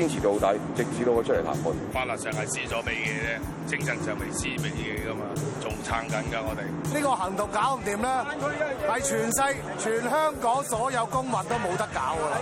堅持到底，直至到我出嚟談判。法律上係試咗俾嘢啫，精神上未試俾自己噶嘛，仲撐緊㗎我哋。呢、呢個行動搞唔掂啦，係全世、全香港所有公民都冇得搞㗎啦、哎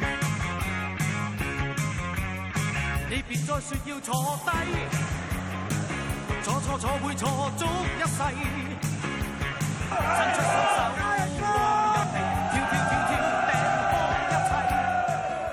哎哎。你別再説要坐低，坐坐坐會坐足一世。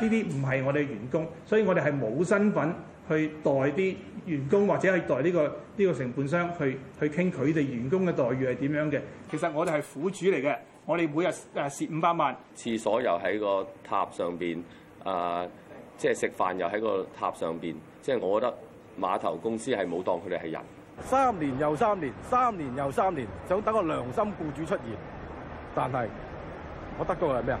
呢啲唔係我哋員工，所以我哋係冇身份去代啲員工或者去代呢個呢個成本商去去傾佢哋員工嘅待遇係點樣嘅。其實我哋係苦主嚟嘅，我哋每日誒蝕五百萬。廁所又喺個塔上邊，誒即係食飯又喺個塔上邊，即係我覺得碼頭公司係冇當佢哋係人。三年又三年，三年又三年，就等個良心僱主出現，但係我得到係咩啊？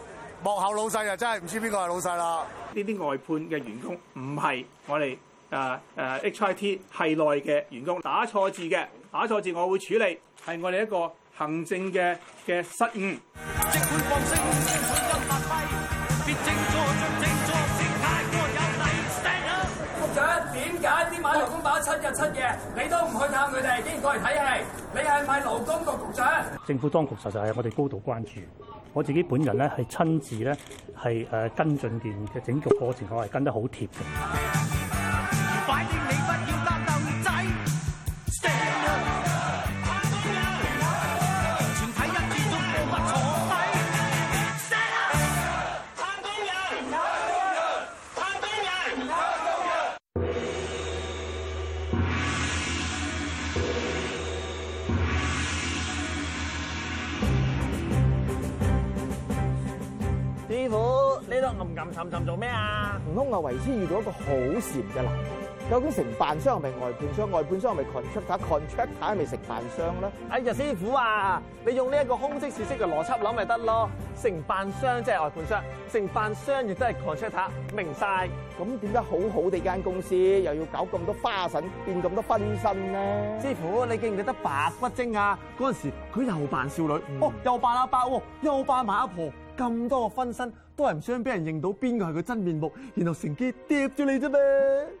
幕後老細啊，真係唔知邊個係老細啦！呢啲外判嘅員工唔係我哋誒、uh, uh, HIT 係內嘅員工，打錯字嘅打錯字，我會處理，係我哋一個行政嘅嘅失誤。局長點解啲碼頭工打七日七夜，你都唔去探佢哋，竟然過嚟睇戲？你係咪勞工局局長？政府當局實在係我哋高，高度關注。我自己本人咧係親自咧係誒跟進完嘅整個過程，我係跟得好貼嘅。暗暗沉沉做咩啊？悟空啊，為師遇到一個好賤嘅男人，究竟承辦商係咪外判商，外判商係咪 contractor，contractor 係咪承辦商咧？哎呀，師傅啊，你用呢一個空即是色嘅邏輯諗咪得咯？承辦商即係外判商，承辦商亦都係 contractor，明晒，咁點解好好哋一間公司，又要搞咁多花神，變咁多分身咧？師傅，你記唔記得白骨精啊？嗰陣時佢又扮少女、嗯，哦，又扮阿伯，又扮埋阿婆。咁多個分身都係唔想俾人認到邊個係佢真面目，然後乘機貼住你啫咩？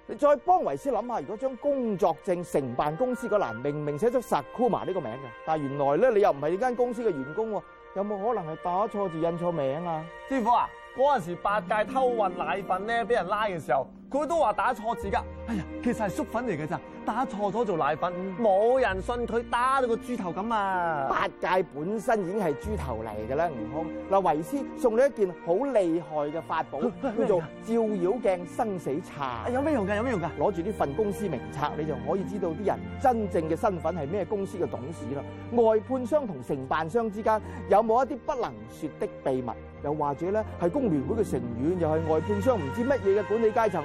你再幫維斯諗下，如果將工作證承辦公司個欄明明寫咗 Sakuma 呢個名㗎，但係原來咧你又唔係呢間公司嘅員工，有冇可能係打錯字，印錯名啊？師傅啊！嗰陣時八戒偷運奶粉咧，俾人拉嘅時候，佢都話打錯字噶，哎呀，其實係粟粉嚟嘅咋，打錯咗做奶粉，冇人信佢打到個豬頭咁啊！八戒本身已經係豬頭嚟嘅啦，悟空。嗱，為師送你一件好厲害嘅法寶，叫做照妖鏡生死茶、啊。有咩用㗎？有咩用噶？攞住呢份公司名冊，你就可以知道啲人真正嘅身份係咩公司嘅董事啦。外判商同承辦商之間有冇一啲不能說的秘密？又或者咧，係工聯會嘅成員，又係外判商唔知乜嘢嘅管理階層，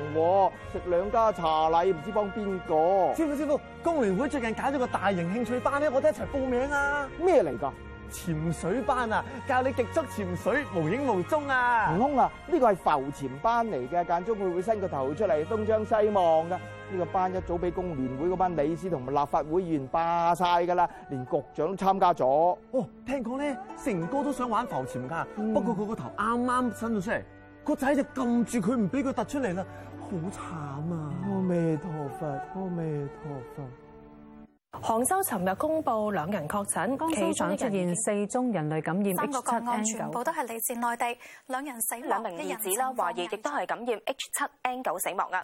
食兩家茶禮唔知幫邊個？師傅，師傅，工聯會最近搞咗個大型興趣班咧，我哋一齊報名啊！咩嚟㗎？潛水班啊，教你極速潛水，無影無蹤啊！悟空啊，呢個係浮潛班嚟嘅，間中會會伸個頭出嚟東張西望噶。呢、這個班一早俾工聯會嗰班理事同埋立法會議員霸晒噶啦，連局長都參加咗。哦，聽講咧，成哥都想玩浮潛噶、嗯，不過佢個頭啱啱伸咗出嚟，個仔就撳住佢唔俾佢突出嚟啦，好慘啊！阿彌陀佛，阿彌陀佛。杭州尋日公布兩人確診，其中出現四宗人類感染 H 七 N 九，三個個案全部都係嚟自內地，兩人死兩一人死啦，懷疑亦都係感染 H 七 N 九死亡啊！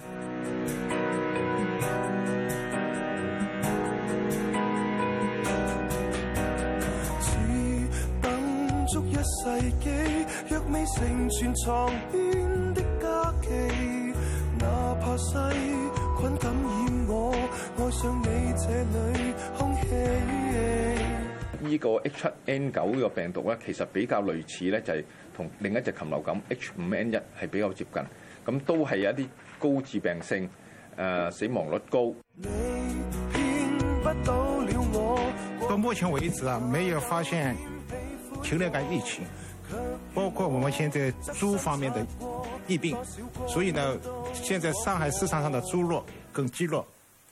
只等足一世紀，若未成全牀邊的家記，哪怕細菌感染。我呢個 H 七 N 九個病毒咧，其實比較類似咧，就係、是、同另一隻禽流感 H 五 N 一係比較接近，咁都係有一啲高致病性，誒、呃、死亡率高。到目前為止啊，沒有發現禽流感疫情，包括我們現在豬方面的疫病，所以呢，現在上海市場上的豬肉更雞肉。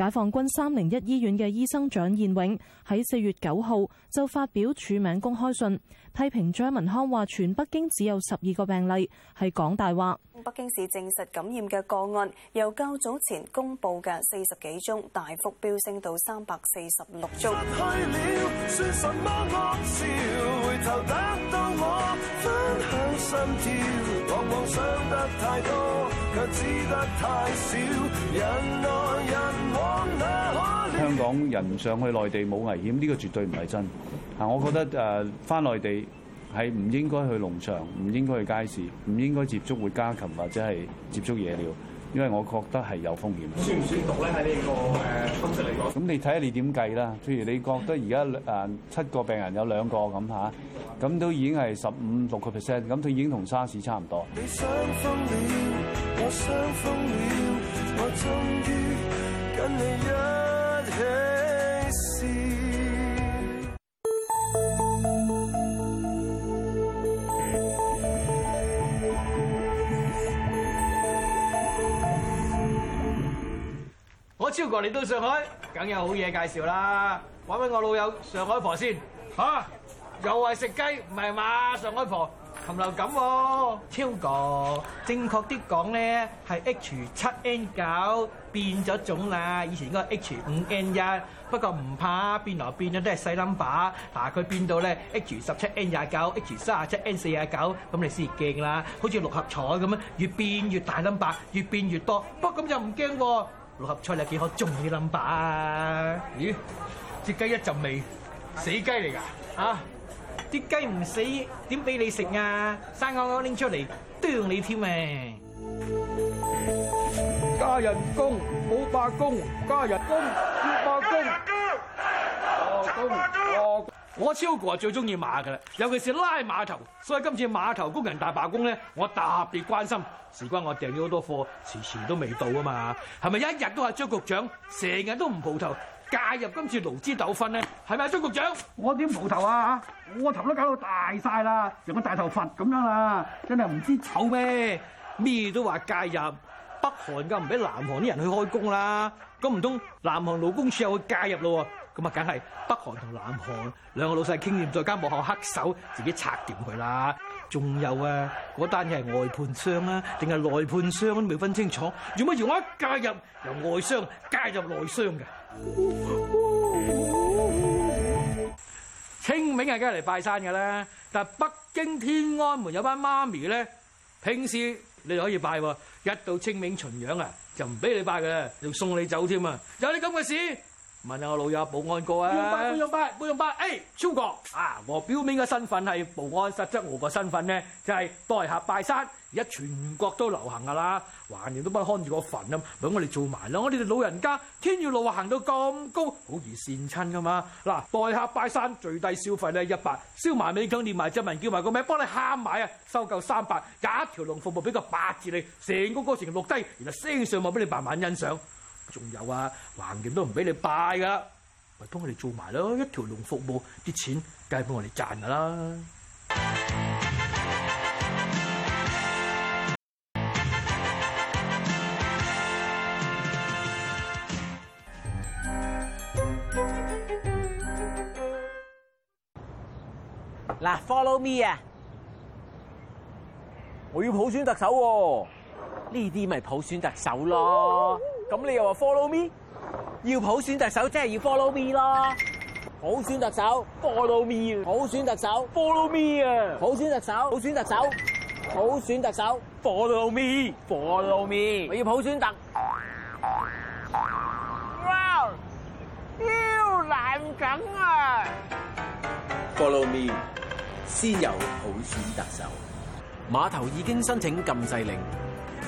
解放軍三零一醫院嘅醫生蔣彥永，喺四月九號就發表署名公開信，批評張文康話全北京只有十二個病例係講大話。北京市證實感染嘅個案由較早前公布嘅四十幾宗大幅飆升到三百四十六宗。人香港人上去內地冇危險，呢個絕對唔係真。啊，我覺得誒返內地係唔應該去農場，唔應該去街市，唔應該接觸活家禽或者係接觸野鳥，因為我覺得係有風險。算唔算毒咧？喺呢個誒方式嚟講，咁你睇下你點計啦？譬如你覺得而家誒七個病人有兩個咁吓咁都已經係十五六個 percent，咁都已經同沙士差唔多。你想封面？我想封面？我終於跟你一。超哥，嚟到上海，梗有好嘢介紹啦。揾俾我老友上海婆先吓，啊，又係食雞唔係嘛？上海婆禽流感喎，啊，超哥，正確啲講咧係 H 七 N 九變咗種啦。以前嗰個 H 五 N 一，不過唔怕變來變去都係細冧巴嗱，佢變到咧 H 十七 N 廿九、H 卅七 N 四十九，咁你先至驚啦，好似六合彩咁樣，越變越大冧巴越變越多，不過咁就唔驚喎。六合彩你幾可中起冧把啊？咦，隻雞一陣味，死雞嚟㗎嚇！啲雞唔死點俾你食啊？生勾勾拎出嚟啄你添啊！加人工，冇罷工，加人工，要罷工。我超哥最中意馬噶啦，尤其是拉碼頭，所以今次碼頭工人大罷工咧，我特別關心，事關我訂咗好多貨，遲遲都未到啊嘛，係咪一日都係張局長成日都唔蒲頭介入今次勞資糾紛咧？係咪阿張局長？我點蒲頭啊？我頭都搞到大晒啦，用個大頭佛咁樣啦，真係唔知醜咩？咩都話介入北韓噶，唔俾南韓啲人去開工啦，咁唔通南韓勞工處又去介入咯？咁啊，梗係北韓同南韓兩個老細傾掂，再加幕後黑手，自己拆掂佢啦。仲有啊，嗰單嘢係外判商啊，定係內判商都未分清楚，做乜要我一介入由外商介入內商嘅。清明係梗係嚟拜山嘅啦，但係北京天安門有班媽咪咧，平時你就可以拜喎，一到清明巡洋啊，就唔俾你拜噶啦，仲送你走添啊，有啲咁嘅事。問下我老友保安哥啊！用八，用八，用八，哎、欸，超過啊！我表面嘅身份係保安，實質我個身份咧就係、是、代客拜山，而家全國都流行噶啦，橫掂都不看住個墳咁，等我哋做埋咯。我哋啲老人家天雨路行到咁高，好易跣親噶嘛？嗱，代客拜山最低消費咧一百，燒埋美金，念埋咒文，叫埋個名，幫你喊埋啊，收夠三百，一條龍服務俾個八字你，成個過程錄低，然後先上網俾你慢慢欣賞。仲有啊，橫掂都唔俾你拜噶，咪幫佢哋做埋咯，一條龍服務，啲錢梗係幫我哋賺噶啦。嗱，Follow me 啊！我要普選特首喎、啊，呢啲咪普選特首咯。咁你又話 follow me？要普選特首，即係要 follow me 啦！普選特首 follow me 普選特首 follow me 啊！普選特首，普選特首，普選特首 follow me，follow me。我要普選特首，哇！超難揀啊！Follow me 先有普選特首。碼頭已經申請禁制令，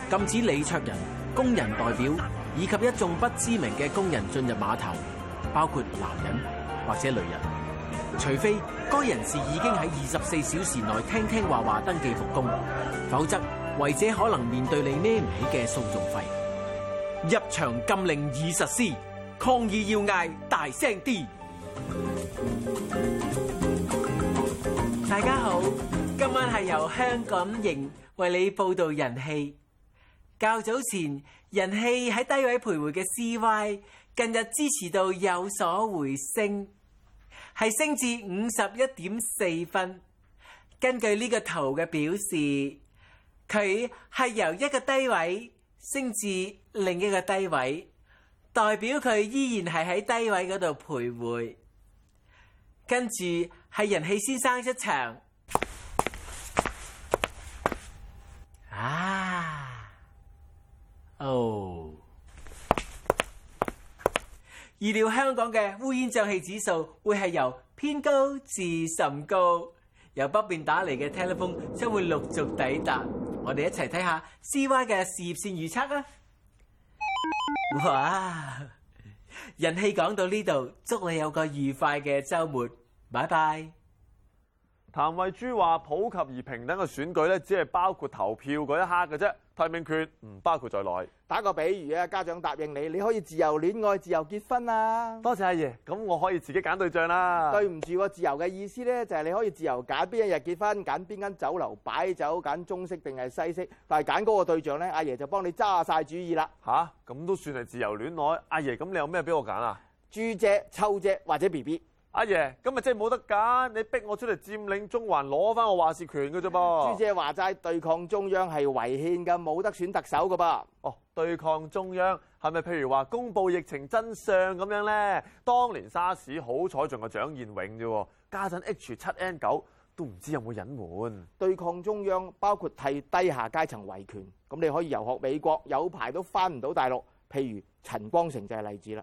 禁止李卓人工人代表，以及一眾不知名嘅工人進入碼頭，包括男人或者女人，除非該人士已經喺二十四小時內聽聽話話登記復工，否則違者可能面對你孭唔起嘅訴訟費。入場禁令已實施，抗議要嗌大聲啲。大家好，今晚係由香港營為你報道人氣。較早前。人氣喺低位徘徊嘅 C Y，近日支持度有所回升，係升至五十一點四分。根據呢個圖嘅表示，佢係由一個低位升至另一個低位，代表佢依然係喺低位嗰度徘徊。跟住，係人氣先生出場，啊！哦、oh，預料香港嘅烏煙瘴氣指數會係由偏高至甚高，由北便打嚟嘅 telephone 將會陸續抵達。我哋一齊睇下 CY 嘅事業線預測啊！哇，人氣講到呢度，祝你有個愉快嘅週末，拜拜。譚慧珠話：普及而平等嘅選舉咧，只係包括投票嗰一刻嘅啫。提名權唔包括在內。打個比喻啊，家長答應你，你可以自由戀愛、自由結婚啊。多謝阿爺，咁我可以自己揀對象啦。對唔住喎，自由嘅意思咧，就係你可以自由揀邊一日結婚，揀邊間酒樓擺酒，揀中式定係西式。但係揀嗰個對象咧，阿爺就幫你揸晒主意啦。吓、啊，咁都算係自由戀愛？阿爺，咁你有咩俾我揀啊？豬姐、臭姐或者 B B。阿、啊、爺，咁咪即係冇得揀？你逼我出嚟佔領中環攞翻我話事權嘅啫噃。朱姐話齋，對抗中央係違憲嘅，冇得選特首㗎噃。哦，對抗中央係咪譬如話公佈疫情真相咁樣咧？當年沙士好彩仲有蔣彥永啫，加緊 H 七 N 九都唔知有冇隱瞞。對抗中央包括替低下階層維權，咁你可以遊學美國，有排都翻唔到大陸。譬如陳光誠就係例子啦。